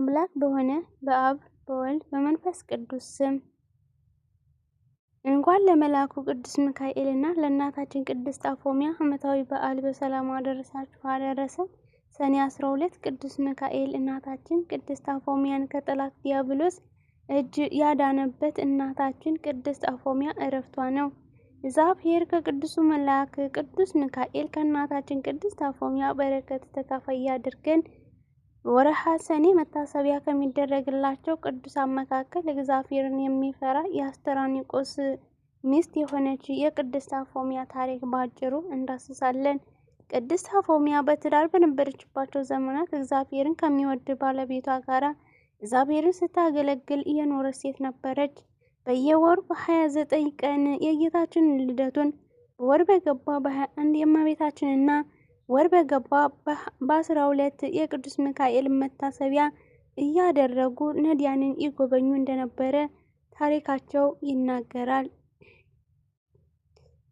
አምላክ በሆነ በአብ በወልድ በመንፈስ ቅዱስ ስም እንኳን ለመልአኩ ቅዱስ ሚካኤል እና ለእናታችን ቅድስት አፎሚያ ዓመታዊ በዓል በሰላም አደረሳችሁ አደረሰ። ሰኔ 12 ቅዱስ ሚካኤል እናታችን ቅድስት አፎሚያን ከጠላት ዲያብሎስ እጅ ያዳነበት እናታችን ቅድስት አፎሚያ እረፍቷ ነው። እግዚአብሔር ከቅዱሱ መልአክ ቅዱስ ሚካኤል ከእናታችን ቅድስት አፎሚያ በረከት ተካፋይ ያድርገን። ወረሃሰኔ ሰኔ መታሰቢያ ከሚደረግላቸው ቅዱሳን መካከል እግዚአብሔርን የሚፈራ የአስተራኒቆስ ሚስት የሆነች የቅድስት አፎሚያ ታሪክ በአጭሩ እንዳስሳለን። ቅድስት አፎሚያ በትዳር በነበረችባቸው ዘመናት እግዚአብሔርን ከሚወድ ባለቤቷ ጋራ እግዚአብሔርን ስታገለግል የኖረች ሴት ነበረች። በየወሩ በ29 ቀን የጌታችን ልደቱን በወር በገባ በ21 የእመቤታችንና ወር በገባ በአስራ ሁለት የቅዱስ ሚካኤል መታሰቢያ እያደረጉ ነዳያንን ይጎበኙ እንደነበረ ታሪካቸው ይናገራል።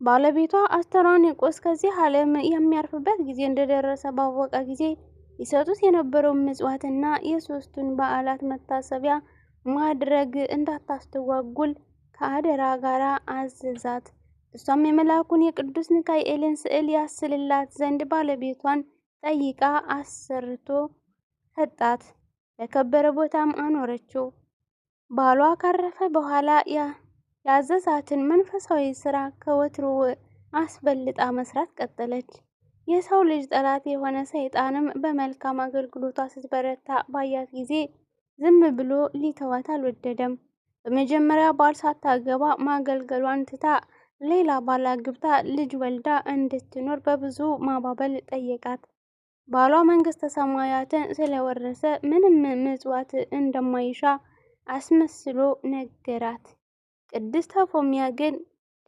ባለቤቷ አስተራኒቆስ ከዚህ ዓለም የሚያርፍበት ጊዜ እንደደረሰ ባወቀ ጊዜ ይሰጡት የነበረውን ምጽዋትና የሶስቱን በዓላት መታሰቢያ ማድረግ እንዳታስተጓጉል ከአደራ ጋር አዘዛት። እሷም የመልአኩን የቅዱስ ሚካኤልን ስዕል ያስልላት ዘንድ ባለቤቷን ጠይቃ አሰርቶ ሰጣት። ለከበረ ቦታም አኖረችው። ባሏ ካረፈ በኋላ ያዘዛትን መንፈሳዊ ስራ ከወትሮ አስበልጣ መስራት ቀጠለች። የሰው ልጅ ጠላት የሆነ ሰይጣንም በመልካም አገልግሎቷ ስትበረታ ባያት ጊዜ ዝም ብሎ ሊተዋት አልወደደም። በመጀመሪያ ባል ሳታገባ ማገልገሏን ትታ ሌላ ባል አግብታ ልጅ ወልዳ እንድትኖር በብዙ ማባበል ጠየቃት። ባሏ መንግስተ ሰማያትን ስለወረሰ ምንም ምጽዋት እንደማይሻ አስመስሎ ነገራት። ቅድስት ፎሚያ ግን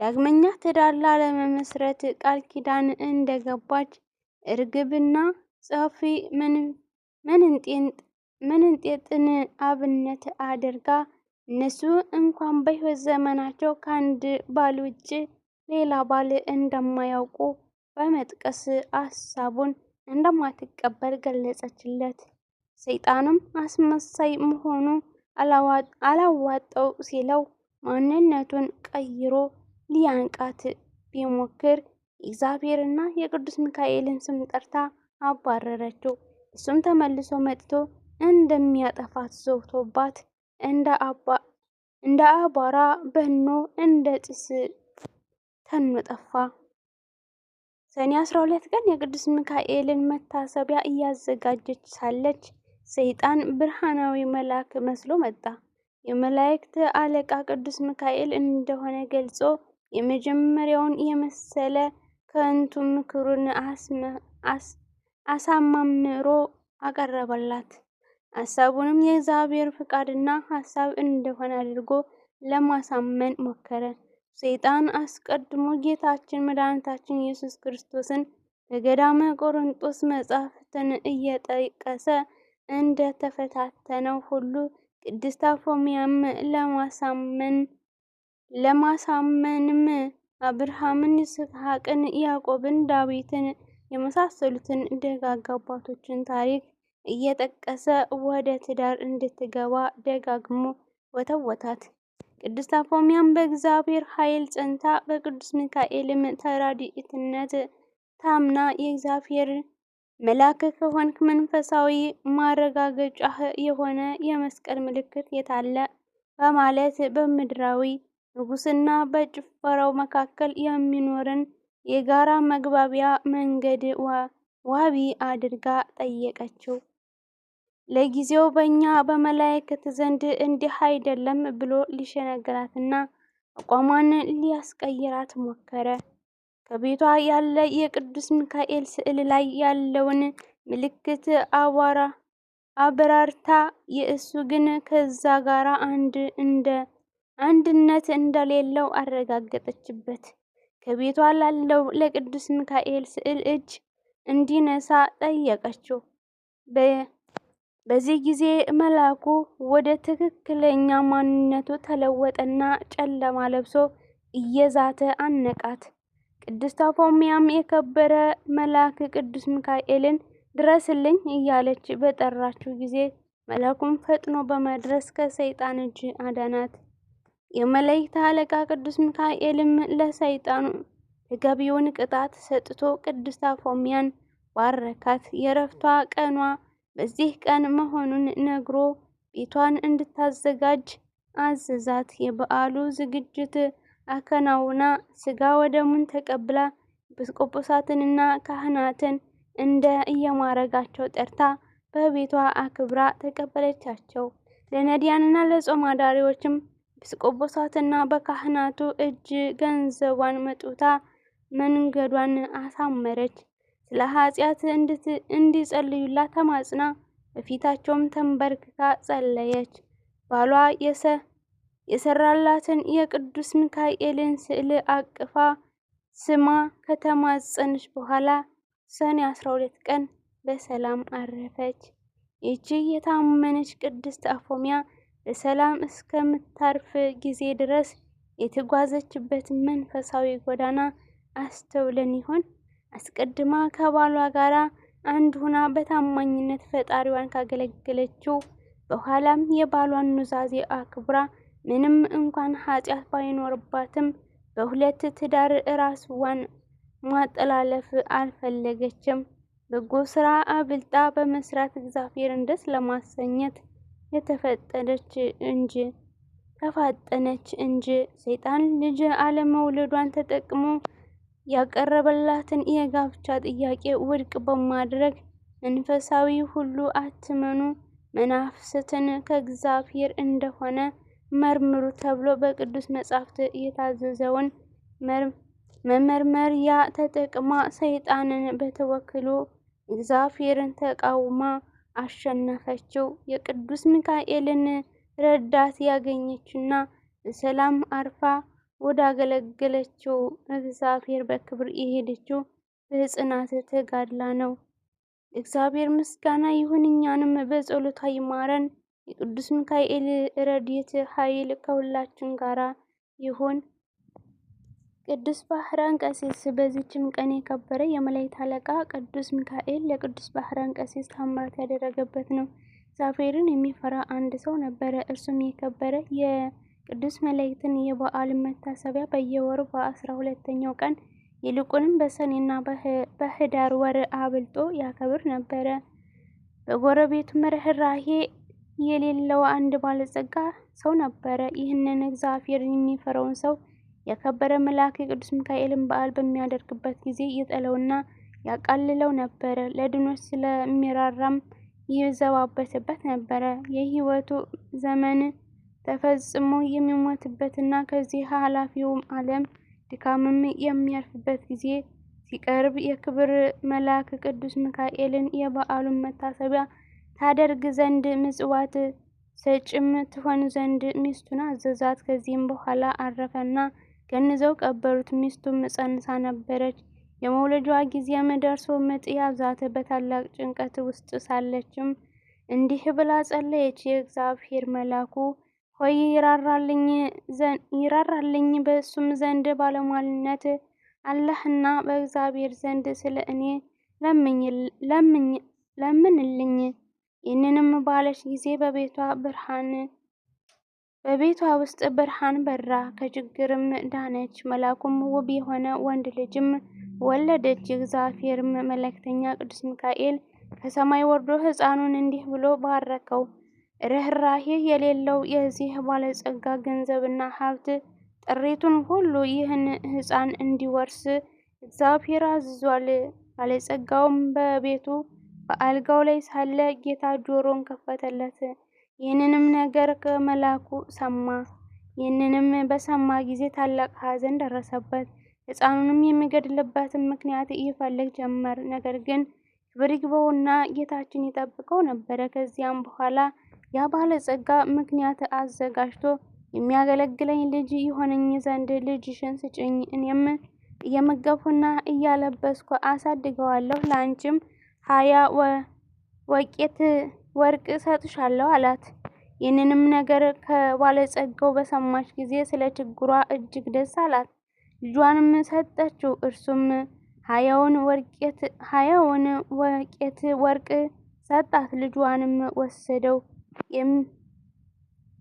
ዳግመኛ ትዳላ ለመመስረት ቃል ኪዳን እንደገባች እርግብና ጸፊ ምንንጤጥን አብነት አድርጋ እነሱ እንኳን በሕይወት ዘመናቸው ከአንድ ባል ውጭ ሌላ ባል እንደማያውቁ በመጥቀስ ሀሳቡን እንደማትቀበል ገለጸችለት። ሰይጣንም አስመሳይ መሆኑ አላዋጠው ሲለው ማንነቱን ቀይሮ ሊያንቃት ቢሞክር እግዚአብሔርና የቅዱስ ሚካኤልን ስም ጠርታ አባረረችው። እሱም ተመልሶ መጥቶ እንደሚያጠፋት ዘውቶባት እንደ አቧራ በኖ እንደ ጢስ ተኖ ጠፋ። ሰኔ 12 ቀን የቅዱስ ሚካኤልን መታሰቢያ እያዘጋጀች ሳለች ሰይጣን ብርሃናዊ መልአክ መስሎ መጣ። የመላእክት አለቃ ቅዱስ ሚካኤል እንደሆነ ገልጾ የመጀመሪያውን የመሰለ ከንቱ ምክሩን አሳማምሮ አቀረበላት። ሐሳቡንም የእግዚአብሔር ፍቃድና ሐሳብ እንደሆነ አድርጎ ለማሳመን ሞከረ። ሰይጣን አስቀድሞ ጌታችን መድኃኒታችን ኢየሱስ ክርስቶስን በገዳመ ቆሮንጦስ መጻሕፍትን እየጠቀሰ እንደተፈታተነው ሁሉ ቅድስት አፎምያም ለማሳመንም አብርሃምን፣ ይስሐቅን፣ ያዕቆብን፣ ዳዊትን የመሳሰሉትን ደጋግ አባቶችን ታሪክ እየጠቀሰ ወደ ትዳር እንድትገባ ደጋግሞ ወተወታት። ቅድስት አፎሚያም በእግዚአብሔር ኃይል ጸንታ በቅዱስ ሚካኤልም ተራድኢትነት ታምና የእግዚአብሔር መልአክ ከሆንክ መንፈሳዊ ማረጋገጫህ የሆነ የመስቀል ምልክት የታለ በማለት በምድራዊ ንጉስና በጭፈራው መካከል የሚኖርን የጋራ መግባቢያ መንገድ ዋቢ አድርጋ ጠየቀችው። ለጊዜው በእኛ በመላእክት ዘንድ እንዲህ አይደለም ብሎ ሊሸነግራትና አቋሟን ሊያስቀይራት ሞከረ። ከቤቷ ያለ የቅዱስ ሚካኤል ስዕል ላይ ያለውን ምልክት አቧራ አብራርታ የእሱ ግን ከዛ ጋር አንድ እንደ አንድነት እንደሌለው አረጋገጠችበት። ከቤቷ ላለው ለቅዱስ ሚካኤል ስዕል እጅ እንዲነሳ ጠየቀችው። በዚህ ጊዜ መልአኩ ወደ ትክክለኛ ማንነቱ ተለወጠና ጨለማ ለብሶ እየዛተ አነቃት። ቅድስት አፎሚያም የከበረ መልአክ ቅዱስ ሚካኤልን ድረስልኝ እያለች በጠራችው ጊዜ መልአኩም ፈጥኖ በመድረስ ከሰይጣን እጅ አዳናት። የመላእክት አለቃ ቅዱስ ሚካኤልም ለሰይጣኑ ተገቢውን ቅጣት ሰጥቶ ቅድስት አፎሚያን ባረካት። የረፍቷ ቀኗ በዚህ ቀን መሆኑን ነግሮ ቤቷን እንድታዘጋጅ አዘዛት። የበዓሉ ዝግጅት አከናውና ስጋ ወደሙን ተቀብላ ኤጲስቆጶሳትንና ካህናትን እንደ እየማረጋቸው ጠርታ በቤቷ አክብራ ተቀበለቻቸው። ለነዳያንና ለጾም አዳሪዎችም ኤጲስቆጶሳትና በካህናቱ እጅ ገንዘቧን መጡታ መንገዷን አሳመረች። ስለ ኃጢአት እንዲጸልዩላት ተማጽና በፊታቸውም ተንበርክካ ጸለየች። ባሏ የሰራላትን የቅዱስ ሚካኤልን ስዕል አቅፋ ስማ ከተማጸነች በኋላ ሰኔ 12 ቀን በሰላም አረፈች። ይቺ የታመነች ቅድስት አፎሚያ በሰላም እስከምታርፍ ጊዜ ድረስ የተጓዘችበት መንፈሳዊ ጎዳና አስተውለን ይሆን? አስቀድማ ከባሏ ጋራ አንድ ሁና በታማኝነት ፈጣሪዋን ካገለገለችው በኋላም የባሏን ኑዛዜ አክብራ ምንም እንኳን ኃጢአት ባይኖርባትም በሁለት ትዳር ራስዋን ማጠላለፍ አልፈለገችም። በጎ ስራ አብልጣ በመስራት እግዚአብሔርን ደስ ለማሰኘት የተፈጠነች እንጂ ተፋጠነች እንጂ ሰይጣን ልጅ አለመውለዷን ተጠቅሞ ያቀረበላትን የጋብቻ ጥያቄ ውድቅ በማድረግ መንፈሳዊ ሁሉ አትመኑ፣ መናፍስትን ከእግዚአብሔር እንደሆነ መርምሩ ተብሎ በቅዱስ መጻሕፍት የታዘዘውን መመርመሪያ ተጠቅማ ሰይጣንን በተወክሎ እግዚአብሔርን ተቃውማ አሸነፈችው። የቅዱስ ሚካኤልን ረዳት ያገኘችና በሰላም አርፋ ወዳገለገለችው እግዚአብሔር በክብር የሄደችው በጽናት ተጋድላ ነው። እግዚአብሔር ምስጋና ይሁን፣ እኛንም በጸሎታ ይማረን። የቅዱስ ሚካኤል ረድኤት ኃይል ከሁላችን ጋራ ይሁን። ቅዱስ ባህራን ቀሲስ በዚችም ቀን የከበረ የመላእክት አለቃ ቅዱስ ሚካኤል ለቅዱስ ባህራን ቀሲስ ታምራት ያደረገበት ነው። እግዚአብሔርን የሚፈራ አንድ ሰው ነበረ። እርሱም የከበረ ቅዱስ መላእክትን የበዓልን መታሰቢያ በየወሩ በአስራ ሁለተኛው ቀን ይልቁንም በሰኔና በህዳር ወር አብልጦ ያከብር ነበረ። በጎረቤቱ ርኅራኄ የሌለው አንድ ባለጸጋ ሰው ነበረ። ይህንን እግዚአብሔርን የሚፈራውን ሰው የከበረ መልአክ የቅዱስ ሚካኤልን በዓል በሚያደርግበት ጊዜ ይጠለውና ያቃልለው ነበረ። ለድኖች ስለሚራራም ይዘባበትበት ነበረ። የህይወቱ ዘመን ተፈጽሞ የሚሞትበትና ከዚህ ኃላፊውም ዓለም ድካምም የሚያርፍበት ጊዜ ሲቀርብ የክብር መልአክ ቅዱስ ሚካኤልን የበዓሉን መታሰቢያ ታደርግ ዘንድ ምጽዋት ሰጭም ትሆን ዘንድ ሚስቱን አዘዛት። ከዚህም በኋላ አረፈና ገንዘው ቀበሩት። ሚስቱም ጸንሳ ነበረች። የመውለጃዋ ጊዜም ደርሶ ምጥ ያዛት። በታላቅ ጭንቀት ውስጥ ሳለችም እንዲህ ብላ ጸለየች። የእግዚአብሔር መልአኩ ሆይ ይራራልኝ ይራራልኝ በእሱም ዘንድ ባለሟልነት አላህና በእግዚአብሔር ዘንድ ስለ እኔ ለምንልኝ። ይህንንም ባለች ጊዜ በቤቷ ብርሃን በቤቷ ውስጥ ብርሃን በራ፣ ከችግርም ዳነች። መልአኩም ውብ የሆነ ወንድ ልጅም ወለደች። የእግዚአብሔርም መልእክተኛ ቅዱስ ሚካኤል ከሰማይ ወርዶ ሕፃኑን እንዲህ ብሎ ባረከው። ርኅራሄ የሌለው የዚህ ባለጸጋ ገንዘብና ሀብት ጥሪቱን ሁሉ ይህን ሕፃን እንዲወርስ እግዚአብሔር አዝዟል። ባለጸጋውም በቤቱ በአልጋው ላይ ሳለ ጌታ ጆሮን ከፈተለት፣ ይህንንም ነገር ከመላኩ ሰማ። ይህንንም በሰማ ጊዜ ታላቅ ሐዘን ደረሰበት። ሕፃኑንም የሚገድልበትን ምክንያት ይፈልግ ጀመር። ነገር ግን ክብር ይግባውና ጌታችን ይጠብቀው ነበረ። ከዚያም በኋላ ያ ባለጸጋ ምክንያት አዘጋጅቶ የሚያገለግለኝ ልጅ ይሆነኝ ዘንድ ልጅሽን ስጭኝ፣ እየመገብኩና እያለበስኩ አሳድገዋለሁ፣ ለአንቺም ሀያ ወቄት ወርቅ ሰጥሻለሁ አላት። ይህንንም ነገር ከባለጸጋው በሰማች ጊዜ ስለ ችግሯ እጅግ ደስ አላት። ልጇንም ሰጠችው። እርሱም ሀያውን ወቄት ወርቅ ሰጣት። ልጇንም ወሰደው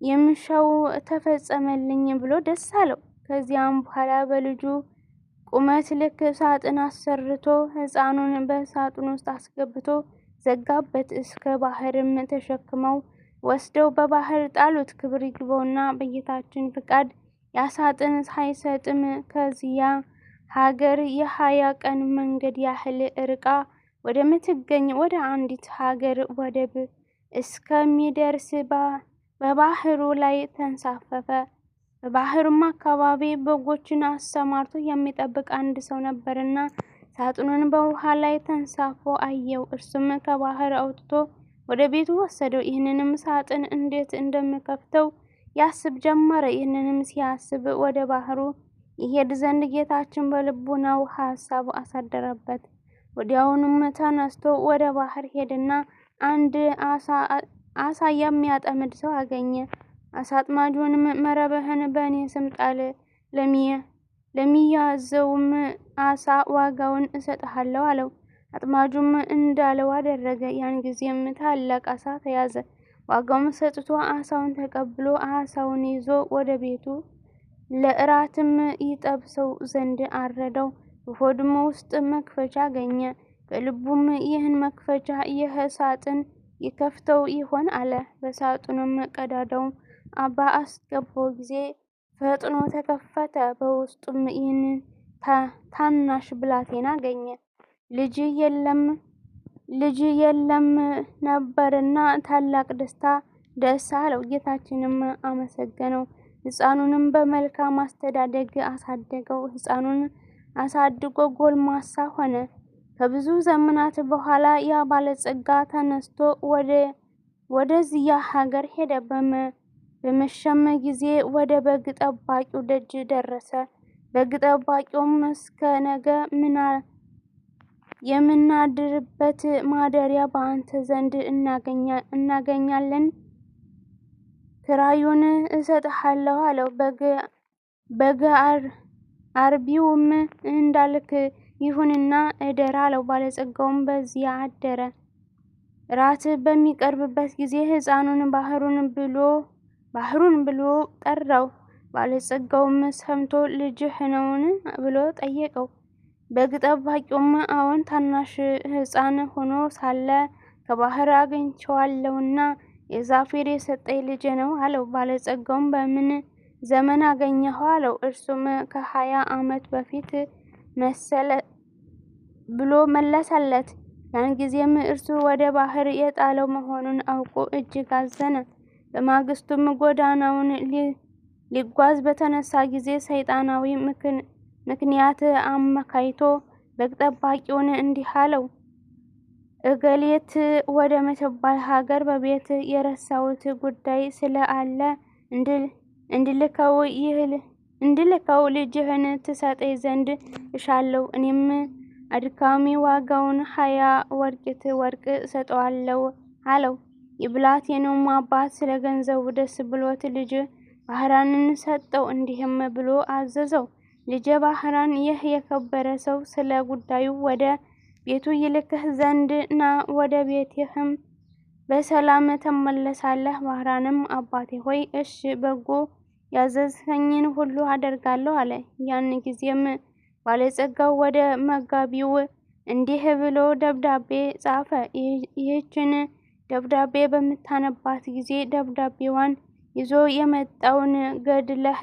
የምሻው ተፈጸመልኝ ብሎ ደስ አለው። ከዚያም በኋላ በልጁ ቁመት ልክ ሳጥን አሰርቶ ሕፃኑን በሳጥን ውስጥ አስገብቶ ዘጋበት። እስከ ባህርም ተሸክመው ወስደው በባህር ጣሉት። ክብር ይግባውና በጌታችን ፍቃድ ያሳጥን ሳጥን ሳይሰጥም ከዚያ ሀገር የሀያ ቀን መንገድ ያህል ርቃ ወደምትገኝ ወደ አንዲት ሀገር ወደብ እስከሚደርስ በባህሩ ላይ ተንሳፈፈ። በባህሩም አካባቢ በጎችን አሰማርቶ የሚጠብቅ አንድ ሰው ነበርና ሳጥኑን በውሃ ላይ ተንሳፎ አየው። እርሱም ከባህር አውጥቶ ወደ ቤቱ ወሰደው። ይህንንም ሳጥን እንዴት እንደምከፍተው ያስብ ጀመረ። ይህንንም ሲያስብ ወደ ባህሩ ይሄድ ዘንድ ጌታችን በልቡናው ሀሳብ አሳደረበት። ወዲያውኑም ተነስቶ ወደ ባህር ሄድና! አንድ አሳ የሚያጠምድ ሰው አገኘ። አሳ አጥማጁንም መረብህን በእኔ ስም ጣል፣ ለሚያዘውም አሳ ዋጋውን እሰጥሃለሁ አለው። አጥማጁም እንዳለው አደረገ። ያን ጊዜም ታላቅ አሳ ተያዘ። ዋጋውም ሰጥቶ አሳውን ተቀብሎ አሳውን ይዞ ወደ ቤቱ ለእራትም ይጠብሰው ዘንድ አረደው። በሆድም ውስጥ መክፈቻ አገኘ። በልቡም ይህን መክፈቻ ይህ ሳጥን ይከፍተው ይሆን አለ። በሳጥኑም ቀዳዳው በአስገባው ጊዜ ፈጥኖ ተከፈተ። በውስጡም ይህን ታናሽ ብላቴና አገኘ። ልጅ የለም ልጅ የለም ነበርና ታላቅ ደስታ ደስ አለው። ጌታችንም አመሰገነው። ሕፃኑንም በመልካም አስተዳደግ አሳደገው። ሕፃኑን አሳድጎ ጎልማሳ ሆነ። ከብዙ ዘመናት በኋላ ያ ባለጸጋ ተነስቶ ወደዚያ ሀገር ሄደ። በመሸመ ጊዜ ወደ በግ ጠባቂው ደጅ ደረሰ። በግ ጠባቂውም እስከ ነገ የምናድርበት ማደሪያ በአንተ ዘንድ እናገኛለን፣ ክራዩን እሰጥሃለሁ አለው። በግ አርቢውም እንዳልክ ይሁንና እደር አለው። ባለጸጋውም በዚያ አደረ። ራት በሚቀርብበት ጊዜ ሕፃኑን ባህሩን ብሎ ጠራው። ባለጸጋውም ሰምቶ ልጅህ ነውን ብሎ ጠየቀው። በግ ጠባቂውም አዎን፣ ታናሽ ሕፃን ሆኖ ሳለ ከባህር አገኝቸዋለውና የዛፌር የሰጠኝ ልጅ ነው አለው። ባለጸጋውም በምን ዘመን አገኘኸው አለው። እርሱም ከሀያ ዓመት በፊት መሰለ ብሎ መለሰለት። ያን ጊዜም እርሱ ወደ ባህር የጣለው መሆኑን አውቆ እጅግ አዘነ። በማግስቱም ጎዳናውን ሊጓዝ በተነሳ ጊዜ ሰይጣናዊ ምክንያት አመካይቶ በግ ጠባቂውን እንዲህ አለው፣ እገሌት ወደ ምትባል ሀገር በቤት የረሳውት ጉዳይ ስለ አለ እንድልከው ይህል እንድልከው ልጅህን ትሰጠኝ ዘንድ እሻለሁ። እኔም አድካሚ ዋጋውን ሀያ ወርቂት ወርቅ እሰጠዋለሁ አለው። የነውም አባት ስለ ገንዘቡ ደስ ብሎት ልጅ ባህራንን ሰጠው። እንዲህም ብሎ አዘዘው፣ ልጅ ባህራን ይህ የከበረ ሰው ስለ ጉዳዩ ወደ ቤቱ ይልክህ ዘንድ ና፣ ወደ ቤትህም በሰላም ተመለሳለህ። ባህራንም አባቴ ሆይ እሺ በጎ ያዘዝኸኝን ሁሉ አደርጋለሁ አለ። ያን ጊዜም ባለጸጋው ወደ መጋቢው እንዲህ ብሎ ደብዳቤ ጻፈ። ይህችን ደብዳቤ በምታነባት ጊዜ ደብዳቤዋን ይዞ የመጣውን ገድለህ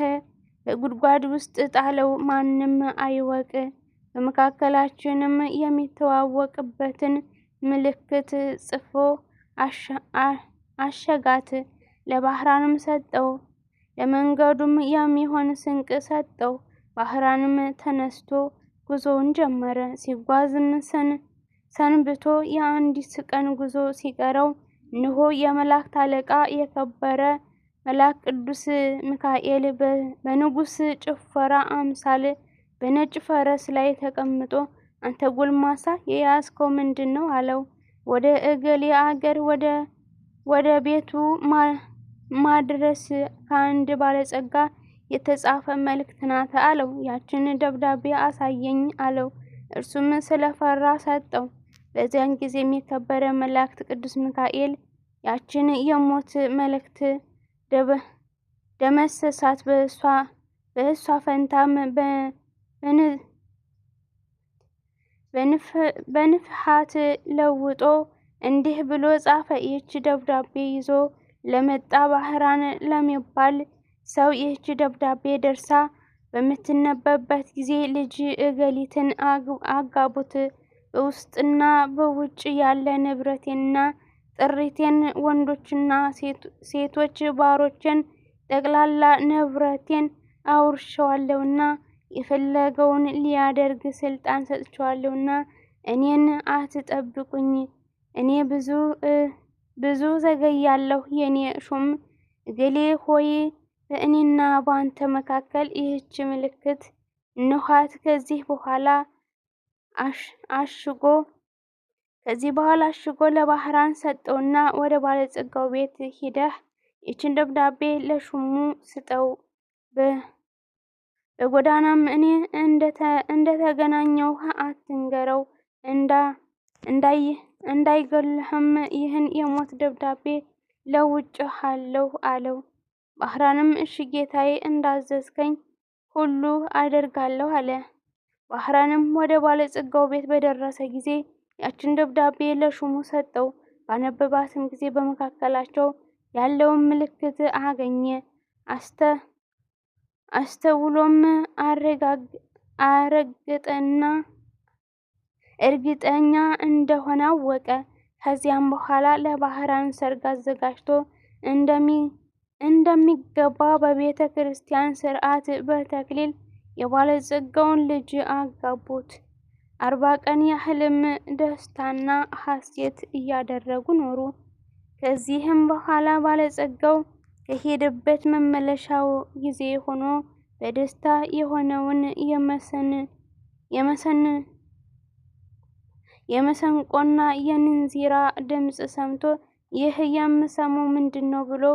በጉድጓድ ውስጥ ጣለው፣ ማንም አይወቅ፣ በመካከላችንም የሚተዋወቅበትን ምልክት ጽፎ አሸጋት፣ ለባህራንም ሰጠው። ለመንገዱም የሚሆን ስንቅ ሰጠው። ባህራንም ተነስቶ ጉዞውን ጀመረ። ሲጓዝም ሰንብቶ የአንዲት ቀን ጉዞ ሲቀረው ንሆ የመላእክት አለቃ የከበረ መልአክ ቅዱስ ሚካኤል በንጉሥ ጭፈራ አምሳል በነጭ ፈረስ ላይ ተቀምጦ አንተ ጎልማሳ የያዝከው ምንድን ነው? አለው። ወደ እገሌ አገር ወደ ቤቱ ማድረስ ከአንድ ባለጸጋ የተጻፈ መልእክት ናት አለው። ያችን ደብዳቤ አሳየኝ አለው። እርሱም ስለፈራ ሰጠው። በዚያን ጊዜ የከበረ መላእክት ቅዱስ ሚካኤል ያችን የሞት መልእክት ደመሰሳት። በእሷ ፈንታም በንፍሃት ለውጦ እንዲህ ብሎ ጻፈ። ይህች ደብዳቤ ይዞ ለመጣ ባህራን ለሚባል ሰው ይህች ደብዳቤ ደርሳ በምትነበብበት ጊዜ ልጅ እገሊትን አጋቡት፣ በውስጥና በውጭ ያለ ንብረቴንና ጥሪቴን፣ ወንዶችና ሴቶች ባሮችን፣ ጠቅላላ ንብረቴን አውርሸዋለሁና የፈለገውን ሊያደርግ ስልጣን ሰጥቸዋለሁና እኔን አትጠብቁኝ እኔ ብዙ ብዙ ዘገያለሁ የኔ ሹም እገሌ ሆይ፣ በእኔና በአንተ መካከል ይህች ምልክት እንኋት። ከዚህ በኋላ አሽጎ ከዚህ በኋላ አሽጎ ለባህራን ሰጠውና ወደ ባለጸጋው ቤት ሂደህ ይችን ደብዳቤ ለሹሙ ስጠው። በጎዳናም እኔ እንደተገናኘው አትንገረው እንዳይ እንዳይገልህም ይህን የሞት ደብዳቤ ለውጭሃለሁ አለው። ባህራንም እሺ ጌታዬ፣ እንዳዘዝከኝ ሁሉ አደርጋለሁ አለ። ባህራንም ወደ ባለጸጋው ቤት በደረሰ ጊዜ ያችን ደብዳቤ ለሹሙ ሰጠው። ባነበባትም ጊዜ በመካከላቸው ያለውን ምልክት አገኘ። አስተውሎም አረጋገጠና እርግጠኛ እንደሆነ አወቀ። ከዚያም በኋላ ለባህራን ሰርግ አዘጋጅቶ እንደሚገባ በቤተ ክርስቲያን ስርዓት በተክሊል የባለጸጋውን ልጅ አጋቡት። አርባ ቀን ያህልም ደስታና ሐሴት እያደረጉ ኖሩ። ከዚህም በኋላ ባለጸጋው ከሄደበት መመለሻው ጊዜ ሆኖ በደስታ የሆነውን የመሰን የመሰንቆና የንንዚራ ድምፅ ሰምቶ ይህ የምሰሙ ምንድን ነው ብሎ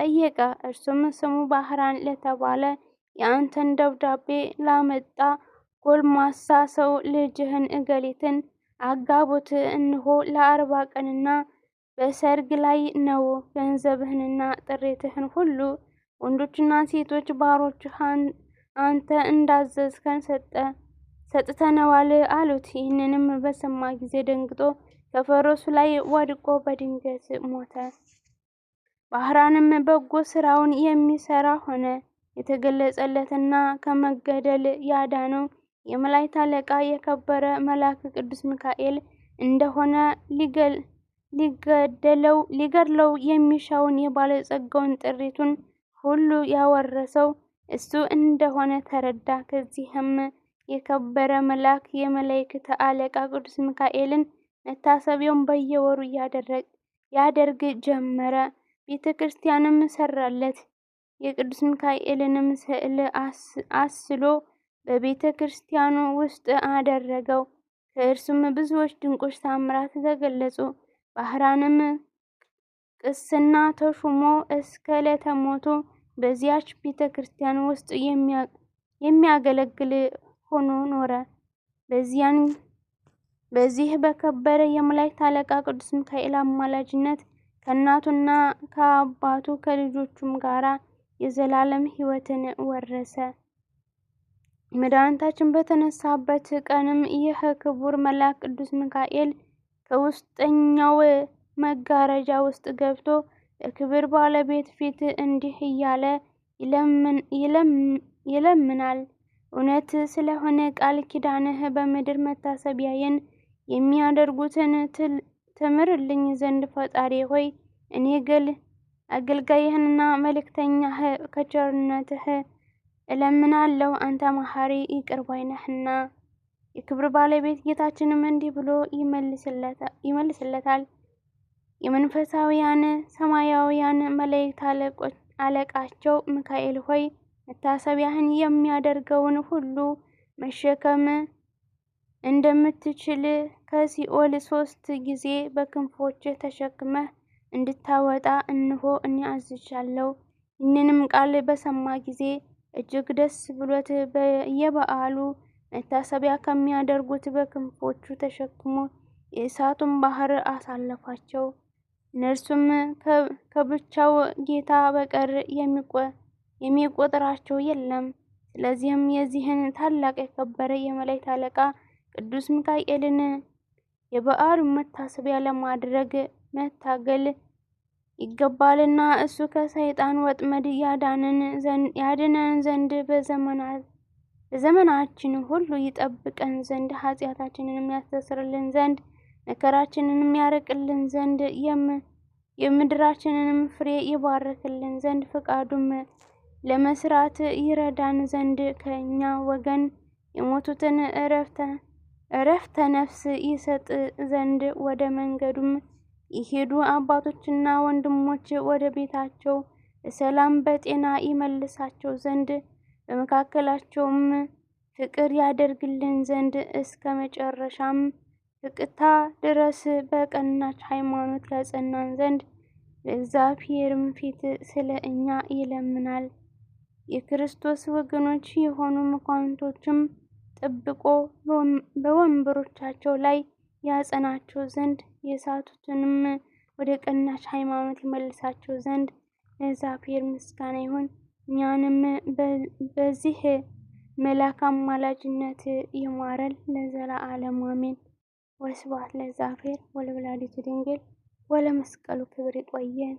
ጠየቀ። እርሱም ስሙ ባህራን ለተባለ የአንተን ደብዳቤ ላመጣ ጎልማሳ ሰው ልጅህን እገሊትን አጋቡት፣ እንሆ ለአርባ ቀንና በሰርግ ላይ ነው። ገንዘብህንና ጥሬትህን ሁሉ ወንዶችና ሴቶች ባሮችህ አንተ እንዳዘዝከን ሰጠ ሰጥተነዋል አሉት። ይህንንም በሰማ ጊዜ ደንግጦ ከፈረሱ ላይ ወድቆ በድንገት ሞተ። ባህራንም በጎ ስራውን የሚሰራ ሆነ። የተገለጸለትና ከመገደል ያዳነው የመላእክት አለቃ የከበረ መልአክ ቅዱስ ሚካኤል እንደሆነ ሊገደለው ሊገድለው የሚሻውን የባለጸጋውን ጥሪቱን ሁሉ ያወረሰው እሱ እንደሆነ ተረዳ። ከዚህም የከበረ መልአክ የመላእክት አለቃ ቅዱስ ሚካኤልን መታሰቢያውን በየወሩ ያደርግ ጀመረ። ቤተ ክርስቲያንም ሰራለት። የቅዱስ ሚካኤልንም ስዕል አስሎ በቤተ ክርስቲያኑ ውስጥ አደረገው። ከእርሱም ብዙዎች ድንቆች ታምራት ተገለጹ። ባህራንም ቅስና ተሹሞ እስከ ዕለተ ሞቱ በዚያች ቤተ ክርስቲያን ውስጥ የሚያገለግል ሆኖ ኖረ። በዚያን በዚህ በከበረ የመላእክት አለቃ ቅዱስ ሚካኤል አማላጅነት ከእናቱና ከአባቱ ከልጆቹም ጋራ የዘላለም ሕይወትን ወረሰ። መድኃኒታችን በተነሳበት ቀንም ይህ ክቡር መልአክ ቅዱስ ሚካኤል ከውስጠኛው መጋረጃ ውስጥ ገብቶ የክብር ባለቤት ፊት እንዲህ እያለ ይለምናል። እውነት ስለሆነ ቃል ኪዳንህ በምድር መታሰቢያዬን የሚያደርጉትን ትምርልኝ ዘንድ ፈጣሪ ሆይ እኔ ግል አገልጋይህንና መልእክተኛህ ከቸርነትህ እለምናለሁ። አንተ መሐሪ ይቅር ባይ ነህና። የክብር ባለቤት ጌታችንም እንዲህ ብሎ ይመልስለታል። የመንፈሳውያን ሰማያውያን መላእክት አለቃቸው ሚካኤል ሆይ መታሰቢያህን የሚያደርገውን ሁሉ መሸከም እንደምትችል ከሲኦል ሶስት ጊዜ በክንፎች ተሸክመህ እንድታወጣ እንሆ እኔ ይህንንም ቃል በሰማ ጊዜ እጅግ ደስ ብሎት የበዓሉ መታሰቢያ ከሚያደርጉት በክንፎቹ ተሸክሞ የእሳቱን ባህር አሳለፋቸው። እነርሱም ከብቻው ጌታ በቀር የሚቆጥራቸው የለም። ስለዚህም የዚህን ታላቅ የከበረ የመላእክት አለቃ ቅዱስ ሚካኤልን የበዓሉን መታሰቢያ ለማድረግ መታገል ይገባልና እሱ ከሰይጣን ወጥመድ ያድነን ዘንድ በዘመናችን ሁሉ ይጠብቀን ዘንድ ኃጢአታችንንም የሚያስተስርልን ዘንድ መከራችንን የሚያርቅልን ዘንድ የምድራችንንም ፍሬ ይባርክልን ዘንድ ፈቃዱም ለመስራት ይረዳን ዘንድ ከእኛ ወገን የሞቱትን እረፍተ ነፍስ ይሰጥ ዘንድ ወደ መንገዱም የሄዱ አባቶችና ወንድሞች ወደ ቤታቸው ሰላም በጤና ይመልሳቸው ዘንድ በመካከላቸውም ፍቅር ያደርግልን ዘንድ እስከ መጨረሻም ፍቅታ ድረስ በቀናች ሃይማኖት ያጸናን ዘንድ በእግዚአብሔርም ፊት ስለ እኛ ይለምናል። የክርስቶስ ወገኖች የሆኑ መኳንንቶችም ጠብቆ በወንበሮቻቸው ላይ ያጸናቸው ዘንድ የሳቱትንም ወደ ቀናች ሃይማኖት ይመልሳቸው ዘንድ ለእግዚአብሔር ምስጋና ይሁን። እኛንም በዚህ መልአክ አማላጅነት ይማረን ለዘለዓለሙ አሜን። ወስብሐት ለእግዚአብሔር ወለወላዲቱ ድንግል ወለመስቀሉ ክብር። ይቆየን።